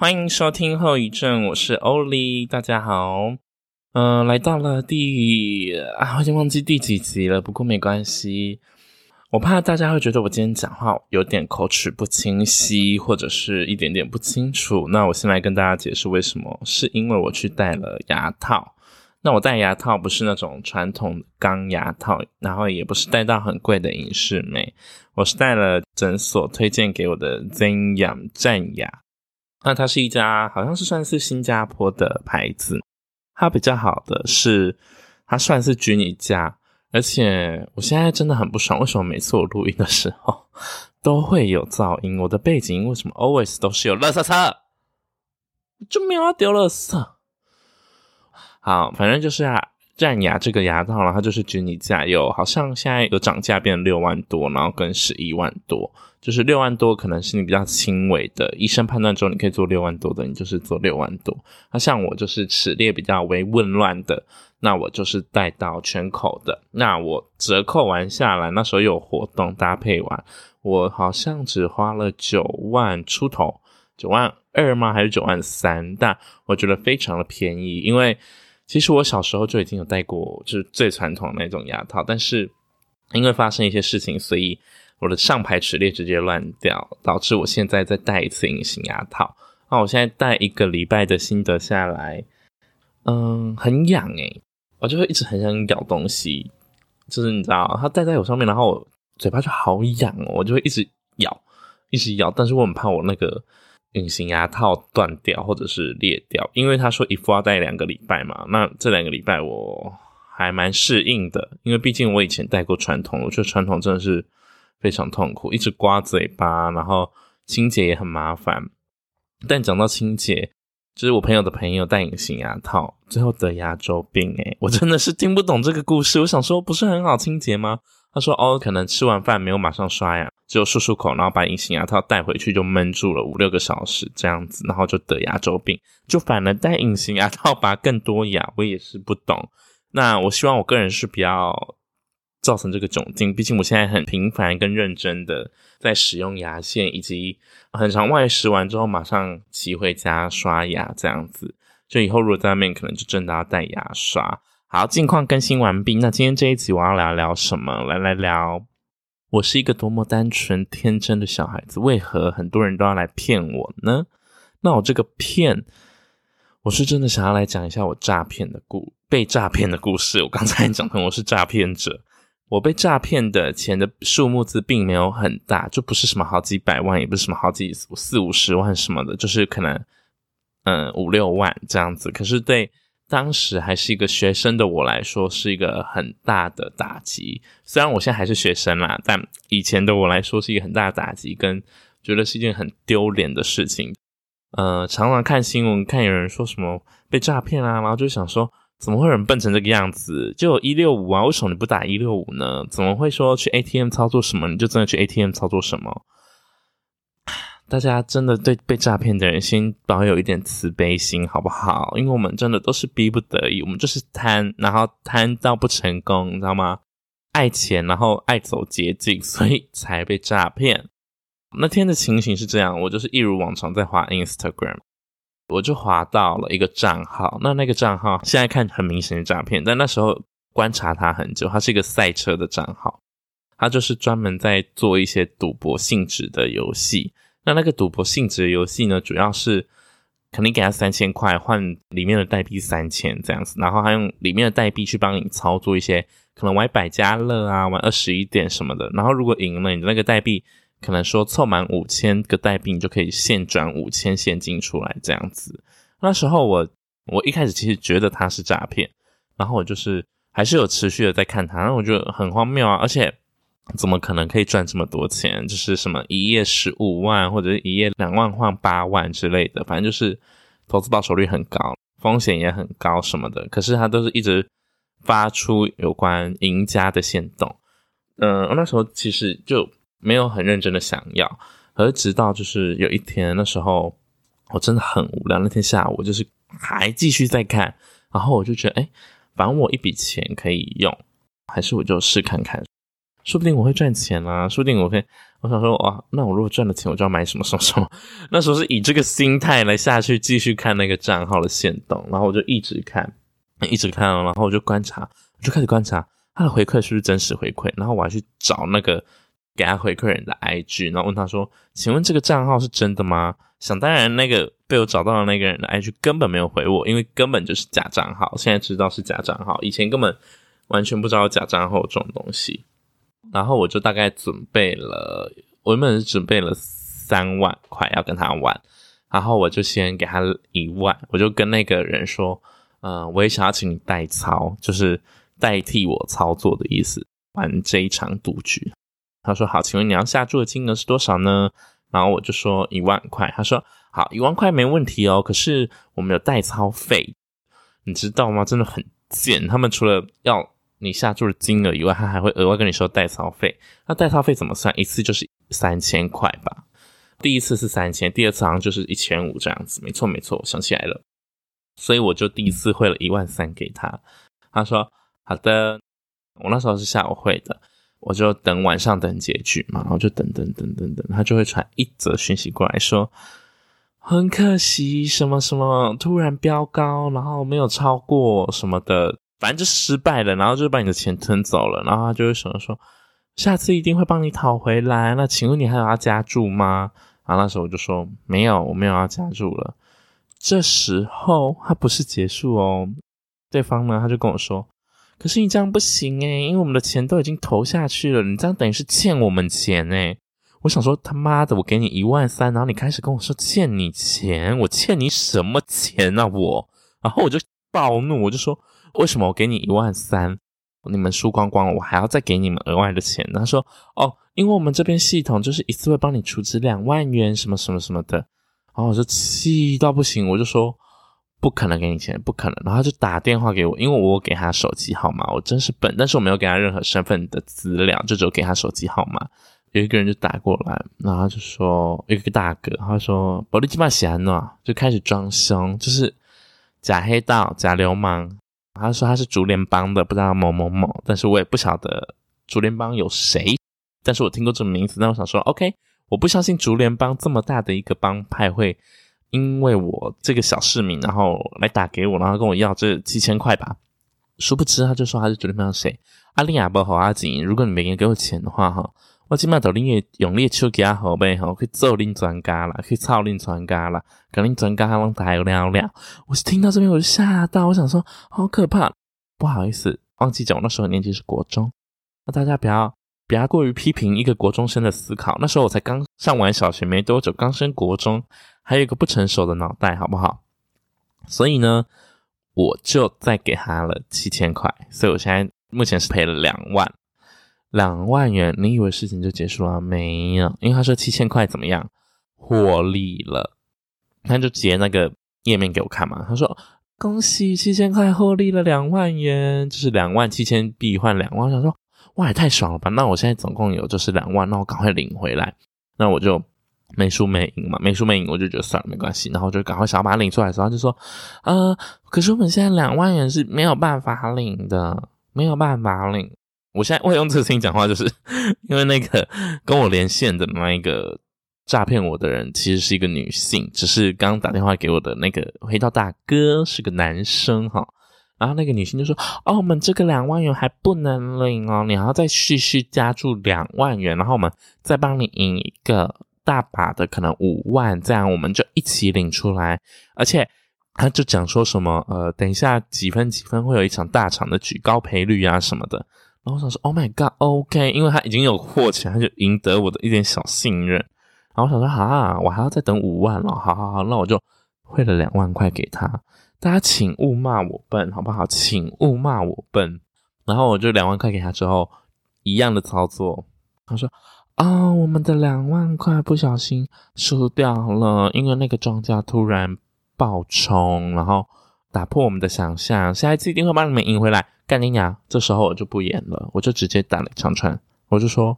歡迎收聽《後遺症》，我是 Ollie，大家好。嗯、呃，來到了第啊，我已經忘記第幾集了，不過沒關係。我怕大家會覺得我今天講話有點口齒不清晰，或者是一點點不清楚。那我先來跟大家解釋為什麼，是因為我去戴了牙套。那我戴牙套不是那種傳統鋼牙套，然後也不是戴到很貴的隱適美，我是戴了診所推薦給我的 Zenyum 戰牙。那它是一家，好像是算是新加坡的牌子。它比較好的是，它算是居你家，而且我現在真的很不爽，為什麼每次我錄音的時候都會有噪音？我的背景音為什麼 always 都是有垃圾車？就沒有要丟樂色？好，反正就是啊。戰牙這個牙套，然後，它就是給你價有，好像現在有漲價，變六萬多，然後跟十一萬多，就是六萬多可能是你比較輕微的醫生判斷之後，你可以做六萬多的，你就是做六萬多。那像我就是齒列比較微紊亂的，那我就是帶到全口的，那我折扣完下來，那時候有活動搭配完，我好像只花了九萬出頭，九萬二嗎？還是九萬三？但我覺得非常的便宜，因為。其實我小時候就已經有戴過，就是最傳統的那種牙套，但是因為發生一些事情，所以我的上排齒列直接亂掉，導致我現在再戴一次隱形牙套。那、啊、我現在戴一個禮拜的心得下來，嗯，很癢誒、欸、我就會一直很想咬東西，就是你知道，它戴在我上面，然後我嘴巴就好癢哦、喔，我就會一直咬，一直咬，但是我很怕我那個。隱形牙套斷掉或者是裂掉，因為他說一副要戴兩個禮拜嘛。那這兩個禮拜我還蠻適應的，因為畢竟我以前戴過傳統，我覺得傳統真的是非常痛苦，一直刮嘴巴，然後清潔也很麻煩。但講到清潔，就是我朋友的朋友戴隱形牙套，最後得牙周病，欸，哎，我真的是聽不懂這個故事。我想說，不是很好清潔嗎？他說：“哦，可能吃完飯沒有馬上刷牙，只有漱漱口，然後把隱形牙套戴回去就悶住了五六個小時這樣子，然後就得牙周病。就反而戴隱形牙套拔更多牙，我也是不懂。那我希望我個人是不要造成這個窘境，畢竟我現在很頻繁跟認真的在使用牙線，以及很常外食完之後馬上騎回家刷牙這樣子。就以後如果在外面，可能就真的要帶牙刷。”好，近況更新完畢。那今天這一集我要聊聊什麼？來來聊，我是一個多麼單純天真的小孩子，為何很多人都要來騙我呢？那我這個騙，我是真的想要來講一下我詐騙的故，被詐騙的故事。我剛才講的我是詐騙者，我被詐騙的錢的數目字並沒有很大，就不是什麼好幾百萬，也不是什麼好幾四五十萬什麼的，就是可能嗯五六萬這樣子。可是對。當時還是一個學生的我來說是一個很大的打擊，雖然我現在還是學生啦，但以前的我來說是一個很大的打擊，跟覺得是一件很丟臉的事情。呃，常常看新聞，看有人說什麼被詐騙啊，然後就想說，怎麼會有人笨成這個樣子？就165啊，為什麼你不打165呢？怎麼會說去 ATM 操作什麼，你就真的去 ATM 操作什麼？大家真的對被詐騙的人先保有一點慈悲心，好不好？因為我們真的都是逼不得已，我們就是貪，然後貪到不成功，你知道嗎？愛錢，然後愛走捷徑，所以才被詐騙。那天的情形是這樣，我就是一如往常在滑 Instagram，我就滑到了一個賬號，那那個賬號現在看很明顯的詐騙，但那時候觀察他很久，他是一個賽車的賬號，他就是專門在做一些賭博性質的遊戲。那那個賭博性質的遊戲呢，主要是肯定給他三千塊換裡面的代幣，三千這樣子，然後他用裡面的代幣去幫你操作一些，可能玩百家樂啊，玩二十一點什麼的，然後如果贏了，你的那個代幣可能說湊滿五千個代幣，你就可以現轉五千現金出來這樣子。那時候我我一開始其實覺得他是詐騙，然後我就是還是有持續的在看他，然後我覺得很荒謬啊，而且。怎麼可能可以賺這麼多錢？就是什麼一夜十五萬，或者一夜兩萬換八萬之類的，反正就是投資報酬率很高，風險也很高什麼的。可是他都是一直發出有關贏家的行動。嗯、呃，我那時候其實就沒有很認真的想要，而直到就是有一天，那時候我真的很無聊。那天下午，就是還繼續在看，然後我就覺得，哎，反正我一筆錢可以用，還是我就試看看。說不定我會賺錢啦、啊，說不定我會，我想說，哇，那我如果賺了錢，我就要買什麼什麼什麼。那時候是以這個心態來下去繼續看那個賬號的限動，然後我就一直看，一直看，然後我就觀察，我就開始觀察他的回饋是不是真實回饋，然後我還去找那個給他回饋人的 IG，然後問他說，請問這個賬號是真的嗎？想當然，那個被我找到的那個人的 IG 根本沒有回我，因為根本就是假賬號。現在知道是假賬號，以前根本完全不知道假賬號這種東西。然後我就大概準備了，我原本是準備了三萬塊要跟他玩，然後我就先給他一萬，我就跟那個人說：“嗯、呃，我也想要請你代操，就是代替我操作的意思，玩這一場賭局。”他說：“好，請問你要下注的金額是多少呢？”然後我就說：“一萬塊。”他說：“好，一萬塊沒問題哦，可是我們有代操費，你知道嗎？真的很賤，他們除了要……”你下注的金額以外，他還會額外跟你說代操費。那代操費怎麼算？一次就是三千塊吧。第一次是三千，第二次好像就是一千五這樣子。沒錯沒錯，我想起來了。所以我就第一次匯了一萬三給他。他說：“好的。”我那時候是下午匯的，我就等晚上等結局嘛，然後就等等等等等，他就會傳一則訊息過來說：“很可惜，什麼什麼突然飆高，然後沒有超過什麼的。”反正就失敗了，然後就把你的錢吞走了，然後他就會想着說，下次一定會幫你討回來。那請問你還有要加注嗎？然後那時候我就說沒有，我沒有要加注了。這時候他不是結束哦，對方呢，他就跟我說，可是你這樣不行欸，因為我們的錢都已經投下去了，你這樣等於是欠我們錢欸。我想說他媽的，我給你一萬三，然後你開始跟我說欠你錢，我欠你什麼錢啊我？然後我就暴怒，我就說。為什麼我給你一萬三，你們輸光光我還要再給你們額外的錢？他說：“哦，因為我們這邊系統就是一次會幫你儲值兩萬元，什麼什麼什麼的。”然後我就氣到不行，我就說：“不可能給你錢，不可能！”然後他就打電話給我，因為我給他手機號碼，我真是笨，但是我沒有給他任何身份的資料，就只有給他手機號碼。有一個人就打過來，然後就說：“有一個大哥。”他說：“保利基巴西安諾。”就開始裝凶，就是假黑道，假流氓。他說他是竹聯幫的，不知道某某某，但是我也不曉得竹聯幫有誰，但是我聽過這名字。但我想說，OK，我不相信竹聯幫這麼大的一個幫派會因為我這個小市民，然後來打給我，然後跟我要這七千塊吧。殊不知他就說他是竹聯幫誰，阿麗雅包和阿錦，如果你每個月給我錢的話，哈。我起碼斗恁個用恁個手機號碼吼去揍恁專家啦，去操恁專家啦，跟恁專家他攏大聊聊。我是聽到這邊我就嚇到，我想說好可怕。不好意思，忘記講，我那時候的年紀是國中，那大家不要不要過於批評一個國中生的思考。那時候我才剛上完小學沒多久，剛升國中，還有一個不成熟的腦袋，好不好？所以呢，我就再給他了七千塊，所以我現在目前是賠了兩萬。兩萬元，你以為事情就結束了？沒有。因為他說七千塊怎麼樣？獲利了，嗯、他就截那個頁面給我看嘛。他說恭喜七千塊獲利了兩萬元，就是兩萬七千幣換兩萬。我想說，哇，也太爽了吧！那我現在總共有就是兩萬，那我趕快領回來。那我就沒輸沒贏嘛，沒輸沒贏，我就覺得算了，沒關係。然後我就趕快想要把它領出來的時候，他就說，呃，可是我們現在兩萬元是沒有辦法領的，沒有辦法領。我現在我用這個聲音講話，就是因為那個跟我連線的那一個詐騙我的人，其實是一個女性，只是剛剛打電話給我的那個黑道大哥是個男生哈。然後那個女性就說：“哦，我們這個兩萬元還不能領哦，你還要再續續加注兩萬元，然後我們再幫你贏一個大把的，可能五萬這樣，我們就一起領出來。”而且他就講說什麼呃，等一下幾分幾分會有一場大場的舉高賠率啊什麼的。然後我想說，Oh my God，OK、okay, 因為他已經有貨錢，他就贏得我的一點小信任。然後我想說，啊，我還要再等五萬了，好好好，那我就匯了兩萬塊給他。大家請勿罵我笨，好不好？請勿罵我笨。然後我就兩萬塊給他之後，一樣的操作。他說，啊、哦，我們的兩萬塊不小心輸掉了，因為那個莊家突然爆衝，然後。打破我們的想象，下一次一定會幫你們贏回來。幹你娘！這時候我就不演了，我就直接打了一長串，我就說：“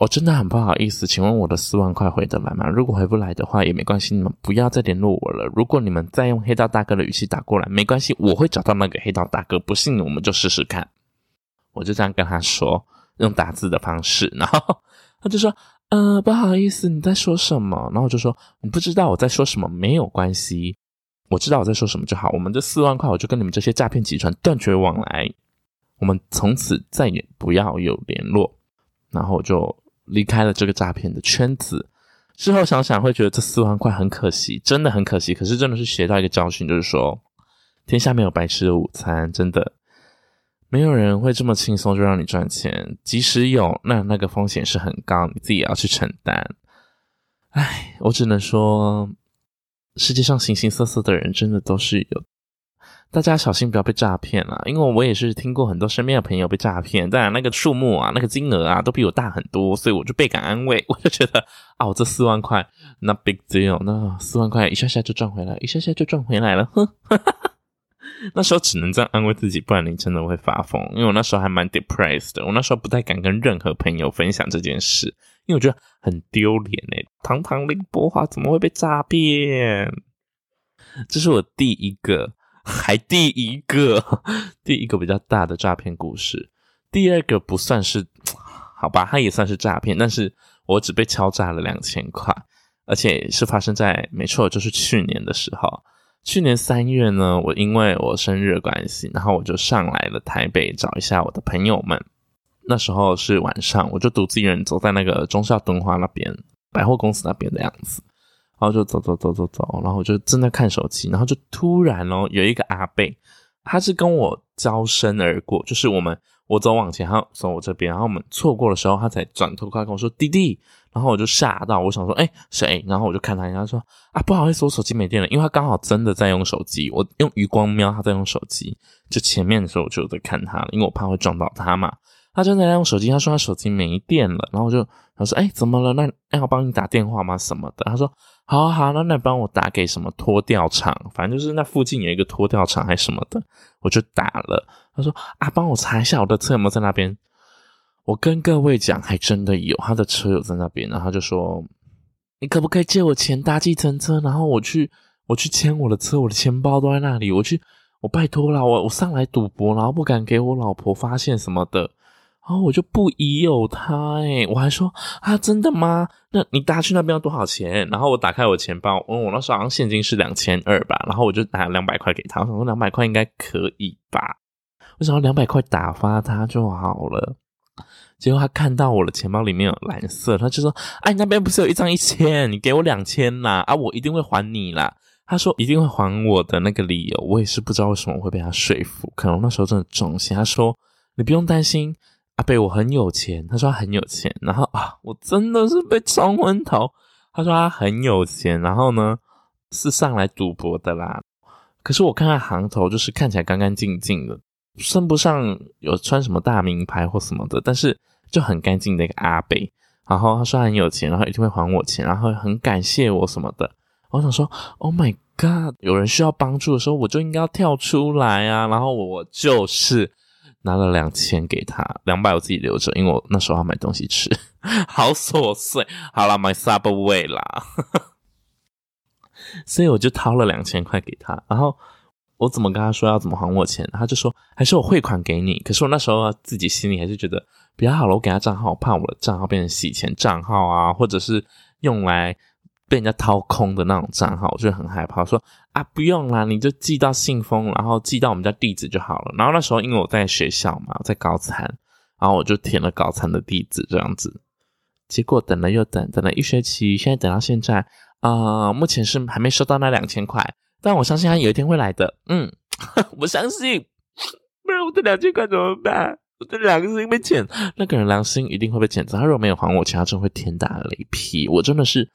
我真的很不好意思，請問我的四萬塊回得來嗎？如果回不來的話也沒關係，你們不要再聯絡我了。如果你們再用黑道大哥的語氣打過來，沒關係，我會找到那個黑道大哥。不信，我們就試試看。”我就這樣跟他說，用打字的方式。然後他就說：“呃，不好意思，你在說什麼？”然後我就說：“你不知道我在說什麼，沒有關係。”我知道我在說什麼就好。我們這四萬塊，我就跟你們這些詐騙集團斷絕往來，我們從此再也不要有聯絡。然後我就離開了這個詐騙的圈子。事後想想，會覺得這四萬塊很可惜，真的很可惜。可是真的是學到一個教訓，就是說，天下沒有白吃的午餐，真的沒有人會這麼輕鬆就讓你賺錢。即使有，那那個風險是很高，你自己也要去承擔。哎，我只能說。世界上形形色色的人真的都是有，大家小心不要被詐騙了。因為我也是聽過很多身邊的朋友被詐騙，當然那個數目啊、那個金額啊，都比我大很多，所以我就倍感安慰。我就覺得啊，我這四萬塊，not big deal，那、no, 四萬塊一下下就賺回來，一下下就賺回來了呵呵呵。那時候只能這樣安慰自己，不然你真的會發瘋。因為我那時候還蠻 depressed 的，我那時候不太敢跟任何朋友分享這件事。因為我覺得很丟臉哎，堂堂林波華怎麼會被詐騙？這是我第一個，還第一個，呵呵，第一個比較大的詐騙故事。第二個不算是，好吧，它也算是詐騙，但是我只被敲詐了兩千塊，而且是發生在，沒錯，就是去年的時候。去年三月呢，我因為我生日關係，然後我就上來了台北找一下我的朋友們。那時候是晚上，我就獨自一人走在那個忠孝敦化那邊百貨公司那邊的樣子，然後就走走走走走，然後我就正在看手機，然後就突然哦，有一個阿伯，他是跟我交身而過，就是我們我走往前，他走我這邊，然後我們錯過的時候，他才轉頭過來跟我說弟弟，然後我就嚇到，我想說哎誰、欸？然後我就看他，然後他說啊不好意思，我手機沒電了，因為他剛好真的在用手機，我用餘光瞄他在用手機，就前面的時候我就在看他，因為我怕會撞到他嘛。他正在用手機，他說他手機沒電了，然後就他說：“哎、欸，怎麼了？那、欸、我幫你打電話嗎？什麼的？”他說：“好、啊，好、啊，那那幫我打給什麼拖吊廠？反正就是那附近有一個拖吊廠還什麼的。”我就打了。他說：“啊，幫我查一下我的車有沒有在那邊。”我跟各位講，還真的有他的車有在那邊。然後他就說：“你可不可以借我錢搭計程車？然後我去我去牽我的車，我的錢包都在那裡。我去，我拜托了，我我上來賭博，然後不敢給我老婆發現什麼的。”然後、哦、我就不疑有他哎！我還說啊，真的嗎？那你打去那邊要多少錢？然後我打開我錢包、哦，我那時候好像現金是兩千二吧，然後我就拿兩百塊給他。我說兩百塊應該可以吧？我想要兩百塊打發他就好了。結果他看到我的錢包裡面有藍色，他就說：“哎，你那邊不是有一張一千？你給我兩千嘛！啊，我一定會還你啦。”他說一定會還我的那個理由，我也是不知道為什麼會被他說服，可能我那時候真的中邪。他說：“你不用擔心。”阿伯，我很有錢。他說他很有錢，然後啊，我真的是被沖昏頭。他說他很有錢，然後呢，是上來賭博的啦。可是我看看行頭，就是看起來乾干淨淨的，算不上有穿什麼大名牌或什麼的，但是就很乾淨的一個阿伯。然後他說他很有錢，然後一定會還我錢，然後很感謝我什麼的。我想說，Oh my God，有人需要幫助的時候，我就應該要跳出來啊！然後我就是。拿了兩千給他，兩百我自己留着，因為我那時候要買東西吃， 好瑣碎。好啦，買 Subway 啦， 所以我就掏了兩千塊給他。然後我怎麼跟他說要怎麼還我錢？他就說還是我匯款給你。可是我那時候、啊、自己心裡還是覺得比較好了，我給他賬號，我怕我的賬號變成洗錢賬號啊，或者是用來。被人家掏空的那種賬號，我就很害怕。說啊，不用啦，你就寄到信封，然後寄到我們家地址就好了。然後那時候因為我在學校嘛，在高餐，然後我就填了高餐的地址，這樣子。結果等了又等，等了一學期，現在等到現在啊，呃，目前是還沒收到那兩千塊。但我相信他有一天會來的。嗯，我相信。不然我的兩千塊怎麼辦？我的良心被剪，那個人良心一定會被剪，他如果沒有還我錢，他真會天打雷劈。我真的是。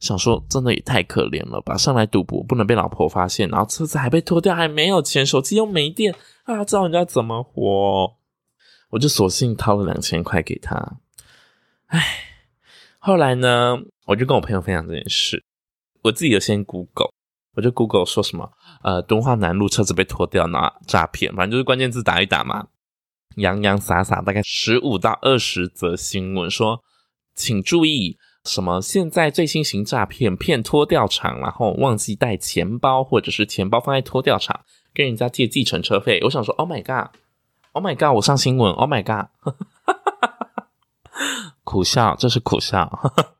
想說，真的也太可憐了吧！上來賭博不能被老婆發現，然後車子還被拖掉，還沒有錢，手機又沒電啊！這讓人家怎麼活。我就索性掏了兩千塊給他。哎，後來呢，我就跟我朋友分享這件事。我自己有先 Google，我就 Google 說什麼，呃，敦化南路車子被拖掉，拿詐騙，反正就是關鍵字打一打嘛，洋洋灑灑，灑大概十五到二十則新聞說，請注意。什麼？現在最新型詐騙，騙拖吊場，然後忘記帶錢包，或者是錢包放在拖吊場，跟人家借計程車費。我想說，Oh my god，Oh my god，我上新聞，Oh my god，哈哈哈。 苦笑，這是苦笑。哈哈。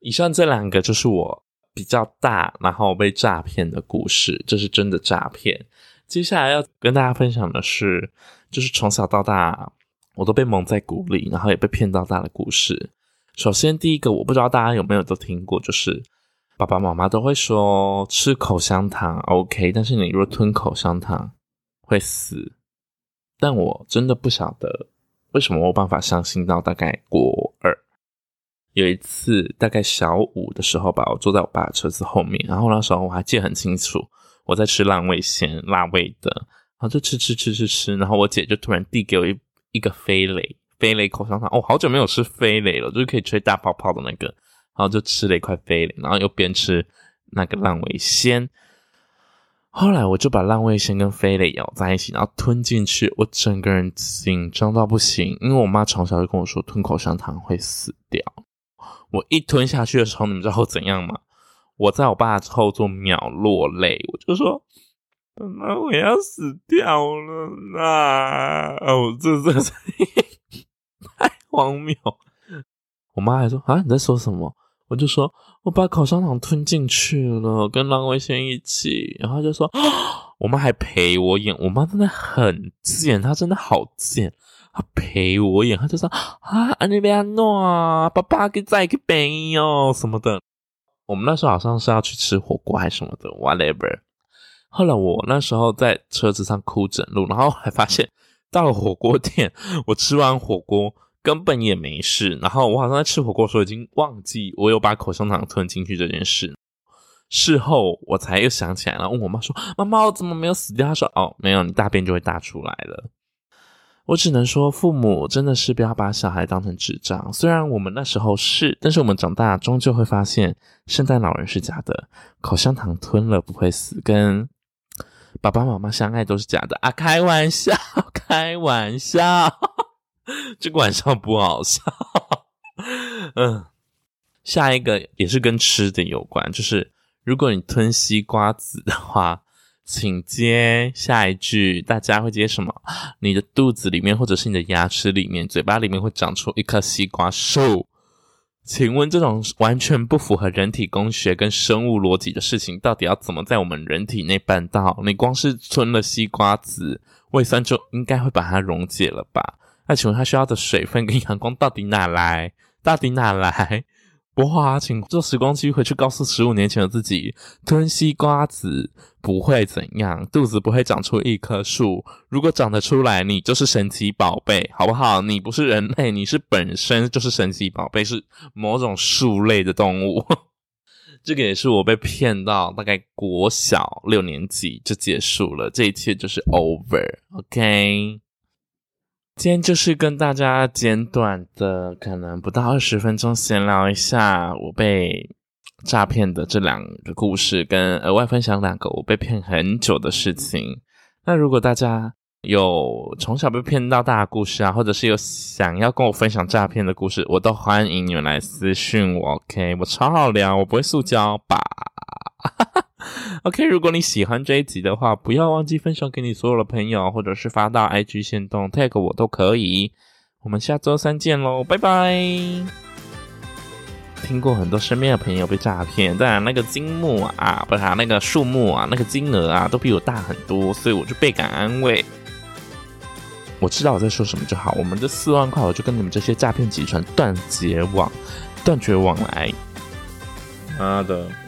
以上這兩個就是我比較大，然後被詐騙的故事，這是真的詐騙。接下來要跟大家分享的是，就是從小到大我都被蒙在鼓裡，然後也被騙到大的故事。首先，第一個我不知道大家有沒有都聽過，就是爸爸媽媽都會說吃口香糖 OK，但是你若吞口香糖會死。但我真的不曉得為什麼我有辦法相信到大概國二，有一次大概小五的時候吧，我坐在我爸的車子後面，然後那時候我還記得很清楚，我在吃浪味仙辣味的，然後就吃吃吃吃吃，然後我姐就突然遞給我一一個飛壘。飛雷口香糖，我、哦、好久沒有吃飛雷了，就是可以吹大泡泡的那個。然後就吃了一塊飛雷，然後又邊吃那個浪味仙。後來我就把浪味仙跟飛雷咬在一起，然後吞進去。我整個人緊張到不行，因為我媽從小就跟我說吞口香糖會死掉。我一吞下去的時候，你們知道怎樣嗎？我在我爸的後座秒落淚，我就說：“那我，我要死掉了啦！”哦，這這這。 荒謬！我媽還說啊，你在說什麼？我就說我把口香糖吞進去了，跟狼文軒一起。然後她就說，我媽還陪我演。我媽真的很賤，她真的好賤，她陪我演。她就說啊，安利比諾啊，爸爸給再給背哦什麼的。我們那時候好像是要去吃火鍋還是什麼的，whatever。後來我那時候在車子上哭整路，然後還發現到了火鍋店，我吃完火鍋。根本也沒事，然後我好像在吃火鍋的時候已經忘記我有把口香糖吞進去這件事，事後我才又想起來了，問我媽說：“媽媽，我怎麼沒有死掉？”她說：“哦，沒有，你大便就會大出來了。”我只能說，父母真的是不要把小孩當成智障，雖然我們那時候是，但是我們長大終究會發現，聖誕老人是假的，口香糖吞了不會死，跟爸爸媽媽相愛都是假的啊，開玩笑，開玩笑。 這個晚上不好笑。， 嗯，下一個也是跟吃的有關，就是如果你吞西瓜子的話，請接下一句，大家會接什麼？你的肚子裡面或者是你的牙齒裡面、嘴巴裡面會長出一顆西瓜樹？請問這種完全不符合人體工學跟生物邏輯的事情，到底要怎麼在我們人體內辦到？你光是吞了西瓜子，胃酸就應該會把它溶解了吧？那請問它需要的水分跟陽光到底哪來？到底哪來？博啊請坐時光機回去告訴十五年前的自己：吞西瓜子不會怎樣，肚子不會長出一棵樹。如果長得出來，你就是神奇寶貝，好不好？你不是人類，你是本身就是神奇寶貝，是某種樹類的動物。 這個也是我被騙到大概國小六年級就結束了，這一切就是 over。OK。今天就是跟大家簡短的，可能不到二十分鐘閒聊一下我被詐騙的這兩個故事，跟額外分享兩個我被騙很久的事情。那如果大家有從小被騙到大的故事啊，或者是有想要跟我分享詐騙的故事，我都歡迎你們來私訊我。OK，我超好聊，我不會塑膠吧？ OK，如果你喜歡這一集的話，不要忘記分享給你所有的朋友，或者是發到 IG、限動、Tag 我都可以。我們下周三見嘍，拜拜！聽過很多身邊的朋友被詐騙，但那個金木啊，不是、啊、那個數目啊，那個金額啊，都比我大很多，所以我就倍感安慰。我知道我在說什麼就好。我們這四萬塊，我就跟你們這些詐騙集團斷絕往斷絕往來。媽、啊、的！